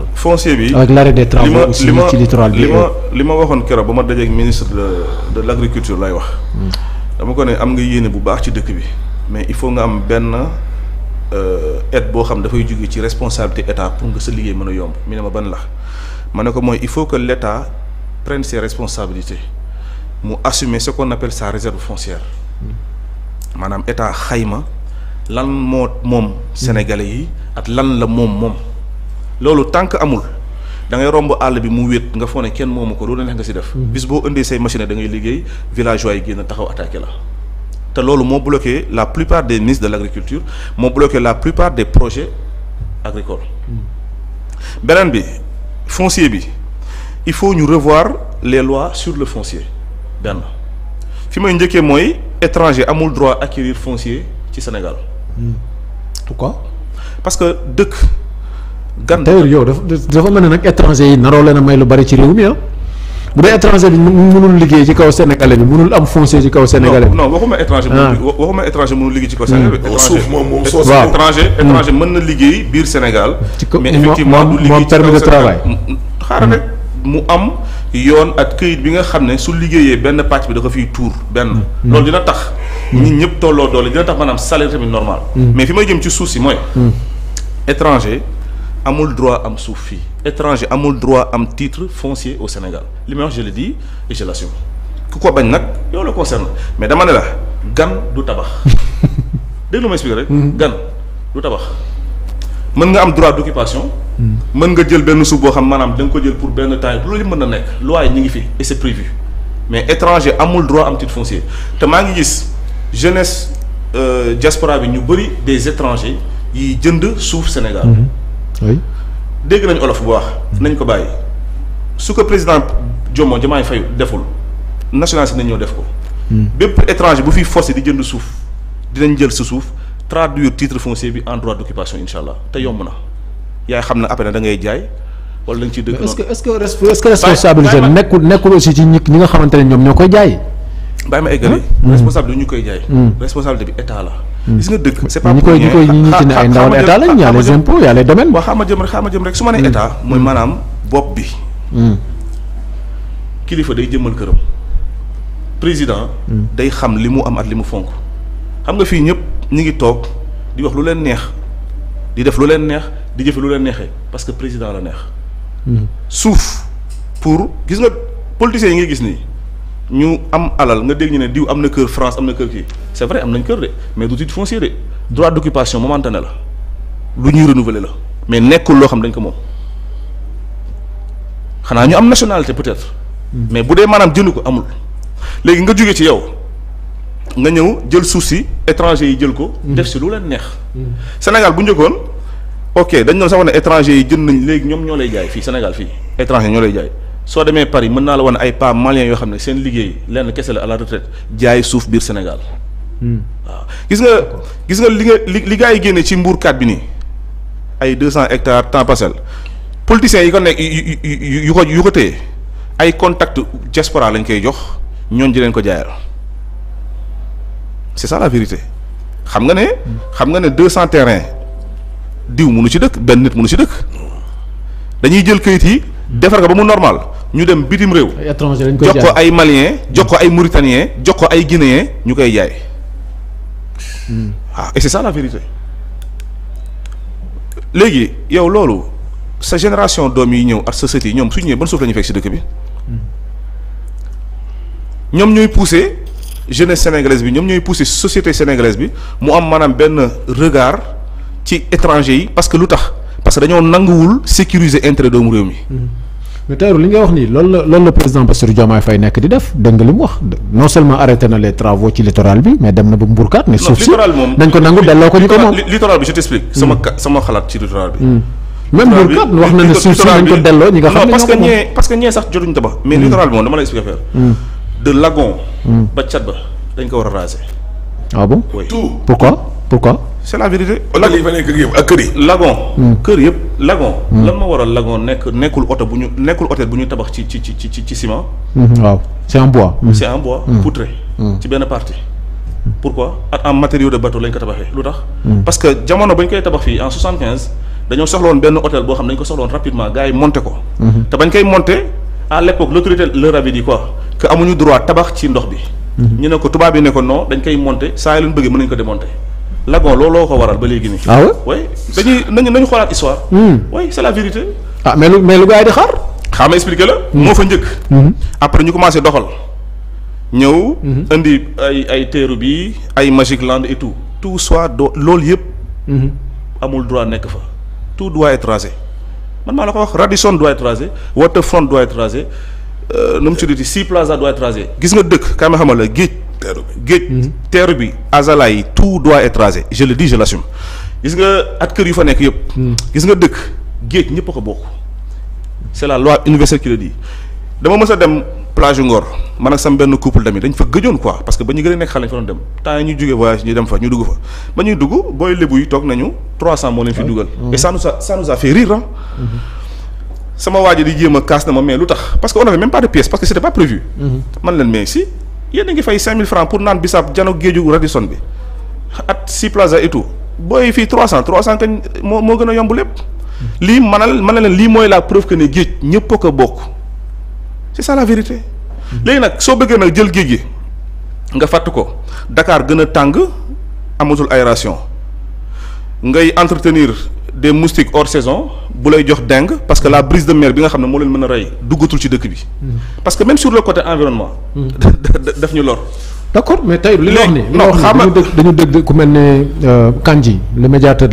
waxal. foncier bi avec l'arrêt des aussi ci littoral bi li ma li ma waxoon keroog ba ma dajeeg ministre de de agriculture lay wax. Hmm. dama ko ne am nga yéene bu baax ci dëkk bi mais il faut nga am benn euh, aide boo xam dafay jóge ci responsabilité état pour nga sa liggéey mën a yomb mi ne ma ban la ma ne ko mooy il faut que l' état prenne ses responsabilités mu assumer ce qu'on appelle sa réserve foncière hmm. maanaam état xayma lan moo moom hmm. sénégalais yi ak lan la moom moom. loolu tànk amul da ngay romb àll bi mu wéet nga foog ne kenn moomu ko loolu neex nga si def. Mm-hmm. bis boo indee say machine da liggéey villageois yi génn taxaw attaqué la. te loolu moo bloqué la plupart des ministres de l' agriculture moo bloqué la plupart des projets agricoles. Mm-hmm. beneen bi foncier bi il faut ñu revoir les lois sur le foncier benn fi may njëkkee mooy étranger amul droit acquérir foncier ci Sénégal. Mm. pourquoi parce que dëkk. gan d'ailleurs yow dafa dafa mel ne nag étranger yi naroo leen a may lu bari ci réew mi ah. bu dee étranger bi mënul liggéey ci kaw sénégalais bi mënul am foncier ci kaw sénégalais bi. non waxuma étranger. Ah. waxuma étranger mënul liggéey ci kaw sénégalais bi. Hmm. suuf moom moom soo étranger hmm. étranger mën na liggéey biir Sénégal. ci kaw mais effectivement du liggéey ci kaw permis de travail. Hmm, xaaral rek mu am yoon ak këyit bi nga xam ne su liggéeyee benn pàcc bi da ko fiy tuur benn. loolu dina tax. ñun ñëpp tolloo doole dina tax maanaam salaire tamit normal. mais fi may jëm ci suuf si mooy. étranger. amul droit am suuf fii étranger amul droit am titre foncier au Sénégal li may wax je le dis et je ku ko bañ nag yow la concerne mais dama ne la gan du tabax dégg lu ma expliqué rek. Mhm. gan du tabax. mën nga am droit d'occupation. Mhm. mën nga jël benn suuf boo xam maanaam da nga ko jël pour benn temps loolu mën na nekk loi yi ñu ngi fi et c'est prévu mais étranger amul droit am titre foncier te maa ngi gis jeunesse euh, diaspora bi ñu bëri des étrangers yi jënd suuf Sénégal. Mhm. oui dégg nañu olof bu wax. nañ ko bàyyi su ko président Jomo Diomaye Faye deful nationalité nañ ñoo def ko. Hmm. bépp étranger bu fiy forcé di jënd suuf dinañ jël sa suuf traduire titre foncier bi en droit d'occupation incha allah te yomb na yaay xam ne après da ngay jaay. wala lañ ciy dëkk noonu est nekkul nekkul aussi ci nga xamante ne ñoom ñoo koy jaay. bàyyi ma eggali. Hmm. ñu koy jaay. Hmm. responsabilité bi état la. gis nga dëkk c'est pas. ñi koy ñi koy ñi ci ne ay ndaw état lañ a a les domaines. waaw xaama jëm rek su ma nee mm. état mooy manaam mm. bopp bi. Mm. kilifa day jëmmal këram. président. day xam li mu am at li mu fonk. xam nga fii ñëpp ñu ngi toog di wax lu leen neex di def lu leen neex di jëfe lu leen neexee parce que président la neex. suuf pour gis nga politiciens yi ngay gis nii. ñu am alal nga dégg ñu ne diw am na kër France am na kër kii c'est vrai am nañ kër de mais du titre foncier de droit d'occupation ne la lu ñuy renouveler la mais nekkul loo xam dañ ko moom xanaa ñu am nationalité peut-être mais bu dee maanaam jënd ko amul léegi nga jóge ci yow nga ñëw jël suuf si étranger yi jël ko. def si lu leen neex. Sénégal bu njëkkoon ok dañ doon sax ne étranger yi jën nañ léegi ñoom ñoo lay jaay fii Sénégal fii étranger ñoo lay jaay. soo demee Paris mën naa la wane ay pas maliens yoo xam ne seen liggéey lenn kese la à la retraite jaay suuf biir Sénégal. Hmm. waaw gis nga gis nga li nga li li gars yi génne ci mbuurkat bi nii ay deux cent hectares temps parcelle politiciens yi ko nekk yu ko yu ko ay contact diaspora lañ koy jox ñooñ di leen ko jaayal c'est ça la vérité xam nga ne xam nga ne deux cent terrain diw mënu ci dëkk benn nit mënu ci dëkk dañuy jël kayit yi defar ko ba mu normal ñu dem bitim réew. jox ko ay malien jox ko ay mauritanien jox ko ay guinéen ñu koy jaay. waaw hmm. ah, et c'est ça la vérité léegi yow loolu sa génération doom yi ñëw ak sa yi ñoom suñu ñëwee ban suuf la ñuy si dëkk bi. Hmm. ñoom ñooy pousser jeunesse sénégalaise bi ñoom ñooy pousser société sénégalaise bi mu am maanaam benn regard ci étranger yi parce que lu tax. parce que dañoo nanguwul sécuriser intérêt doomu réew mi. Mm-hmm. mais Tahirou li nga wax nii lool la loolu la président Bassirou Diomaye Faye nekk di def dégg nga li mu wax non seulement arrêté na les travaux ci littoral bi mais dem na ba mburkaat ne suuf si dañ ko nangu delloo ko ñu ko moom littoral bi je t'explique littoral bi moom dama lay expliquer faire mm-hmm. de lagon mm-hmm. ba cat ba dañ ko war a raser waa ah bon oui tout pourquoi pourquoi c'est la vérité. lagon yi fa nekk yëpp ak kër yi. lagon. Hmm. kër yëpp lagon. Hmm. lan ma waral lagon nekk nekkul oto bu ñu nekkul hôtel bu ñu tabax ci ci ci ci ci ci ciment. Hmm. waaw c'est en bois. c'est en bois poutré. ci benn partie. pourquoi ak en matériaux de bateau lañ ko tabaxee lu tax. parce que jamono bañ koy tabax fii en soixante quinze dañoo soxloon benn hôtel boo xam ne dañ ko soxloon rapidement gars yi monter ko. te bañ koy monter à l'époque l'autorité leur avait dit quoi que amuñu droit tabax ci ndox bi. ñu ne ko tubaab yi ne ko dañ koy monter saa yu mën nañu ko démonter. lagon loo ko waral ba léegi nii. ah oui dañuy nañu nañu xoolaat histoire. Hmm. oui c'est la vérité. ah mais lu mais lu gars yi di xaar. xaaral ma la. Hmm. moo fa njëkk. Hmm. après ñu commencé doxal. ñëw. indi ay ay teeru bi ay Magic Land et tout tout soit doo loolu yëpp. amul droit nekk fa tout doit être rasé man maa la ko wax Radisson doit être rasé Waterfront doit être rasé euh, nu mu tuddati Sea Plaza doit être rasé gis nga dëkk kaay ma xamal la géej. teeru bi géej. bi azalaay yi tout doit être rasé je le dis je l'assume gis nga at kër yu fa nekk yëpp. gis nga dëkk géej ñëpp ko bokk. c'est la loi universelle qui le dit dama mës a dem plage Ngor man ak sam benn couple tamit dañ fa gëjoon quoi parce que ba ñu gën a nekk xale ñu fa doon dem temps yi ñuy jógee voyage ñu dem fa ñu dugg fa ba ñuy dugg booy lébu yi toog nañu 300 moo leen fi dugal. et ça nous a ça nous a fait sama waa ji jéem a kaas na ma mais lu tax parce que que c'était pas prévu. Mm-hmm. man si. yéen ngi fay 5000 francs pour naan bisaab jano géeju Radisson bi at si plaza et tout booy fii 300 300 kañ moo moo gën a yomb lépp. lii manal manal leen lii mooy la preuve que ne géej ñëpp a ko bokk c'est ça la vérité. léegi nag soo bëggee nag jël géej gi nga fàtt ko dakaar gën a tàng amatul aération ngay entretenir. des moustiques hors saison bu lay jox dengue parce que la brise de mer bi nga xam ne moo leen mën a rey duggatul ci dëkk bi. Mm. parce que même sur le côté environnement. Mm. daf ñu lor. d' mais tey li wax ni non xam nga dañu dégg ku mel ne euh, Kandji le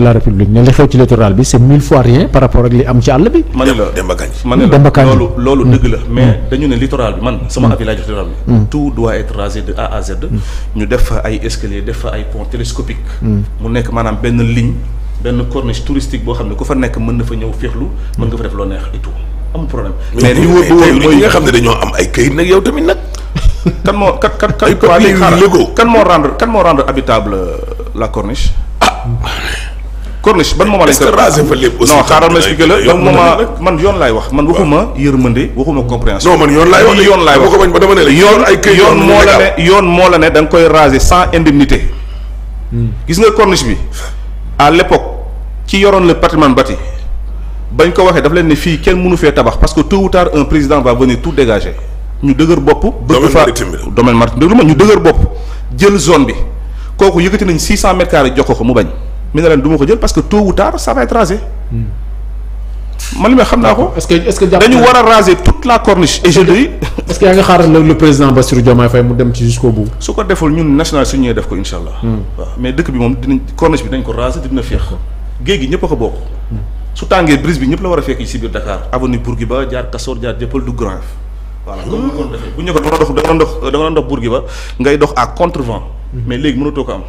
la république ne li xew ci littoral bi c' est mille fois rien par rapport ak li am ci àll bi. ma ne la Demba Kandji ma ne la loolu mm. dëgg la mais dañu ne littoral bi man sama avis laa jox littoral bi. tout doit être rasé de ñu def ay escalier def ay pont télescopique. mu nekk maanaam benn ligne. benn corniche touristique boo xam ne ku fa nekk mën na fa ñëw féexlu mën nga fa def loo neex et tout amul problème. xam ne dañoo am ay këyit nag yow tamit nag. kan moo kan kan kan moo rendre kan moo rendre habitable euh, la corniche. ah corniche ban moment lañ ko. est fa lépp aussi non xaaral ma expliqué la ban moment man yoon laay wax man waxuma yërmande waxuma compréhension. non man yoon laay wax yoon laay wax ko bañ ba dama ne la yoon ay këyit yoon moo la ne yoon moo la ne da nga koy raser sans indemnité. Hmm. gis nga corniche bi à l'époque ci yoroon le patrimoine bati bañ ko waxee daf leen ne fii kenn mënu fee tabax parce que tôt ou tard un président va venir tout dégager ñu dëgër bopp. bëgg fa domaine maritime déglu ma ñu dëgër bopp jël zone bi kooku yëkkati nañ 600 mètres carrés jox ko ko mu bañ mi ne leen du ma ko jël parce que tôt ou tard ça va être rasé. Hmm. man li may xam naa ko. est-ce que est-ce que dañu war a raser la corniche et je dis. est que yaa ngi xaaral le président Bassirou Diomaye Faye mu dem ci jusqu'au bout. su ko deful ñun national su ñëwee def ko incha allah. Hmm. waaw mais dëkk bi moom dinañ corniche bi dañ ko raser dina féex. géej gi ñëpp a ko bokk. Hmm. su tàngee brise bi ñëpp la war a fekk ci biir Dakar avenue Bourguiba jaar Castor jaar Dieuppeul du Grand Yoff. voilà comme ko defee bu ñu ko da nga dox da nga dox da nga dox Bourguiba ngay dox à contre-vent. Hmm. mais léegi mënatoo ko am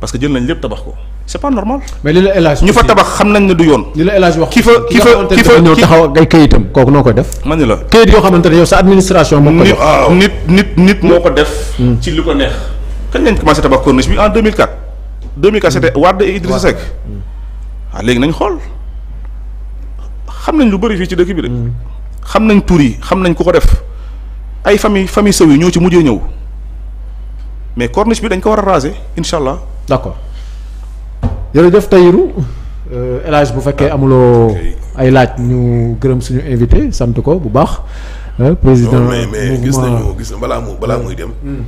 parce que jël nañ lépp tabax ko c'est pas normal. mais li la élage ñu fa tabax xam nañ ne du yoon. li la élage wax ki fa ki fa ki fa ñëw taxaw ak ay kayitam kooku noo ko def. ma ne la kayit yoo xamante ne yow sa administration. moo ko jox nit nit nit moo ko def. Hmm. ci li ko neex. kañ lañ commencé tabax corniche bi en 2004. 2004 c'était hmm. Wade et Idrissa Seck. waaw hmm. ah, léegi nañ xool xam nañ lu bëri fii ci dëkk bi de. xam nañ tur yi xam nañ ku ko def ay famille famille sëw yi ñoo ci mujjee ñëw mais corniche bi dañ ko war a raser incha allah. d'accord. jërëjëf Tahirou euh, El Hadj bu fekkee ah, amuloo ay laaj ñu gërëm suñu invité sant ko bu baax. Euh, président mais mais gis nañu gis na balaa balaa muy dem. Hmm.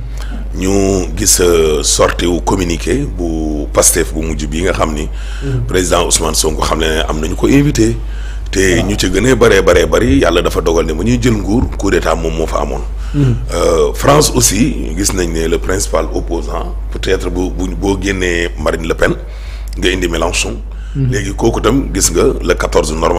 ñu gis euh, sorti wu communiqué bu Pastef bu mujj bi nga xam ni. Hmm. président Ousmane Sonko xam ne am nañu ko invité. te ah. ñu ci gënee bëree baree bari yàlla dafa dogal ne ba ñuy jël nguur coup d'état moom moo fa amoon. Hmm. France aussi gis nañ ne le principal opposant peut-être bu bu boo génnee Marine Le Pen. nga indi Mélenchon léegi kooku itam gis nga le 14 normal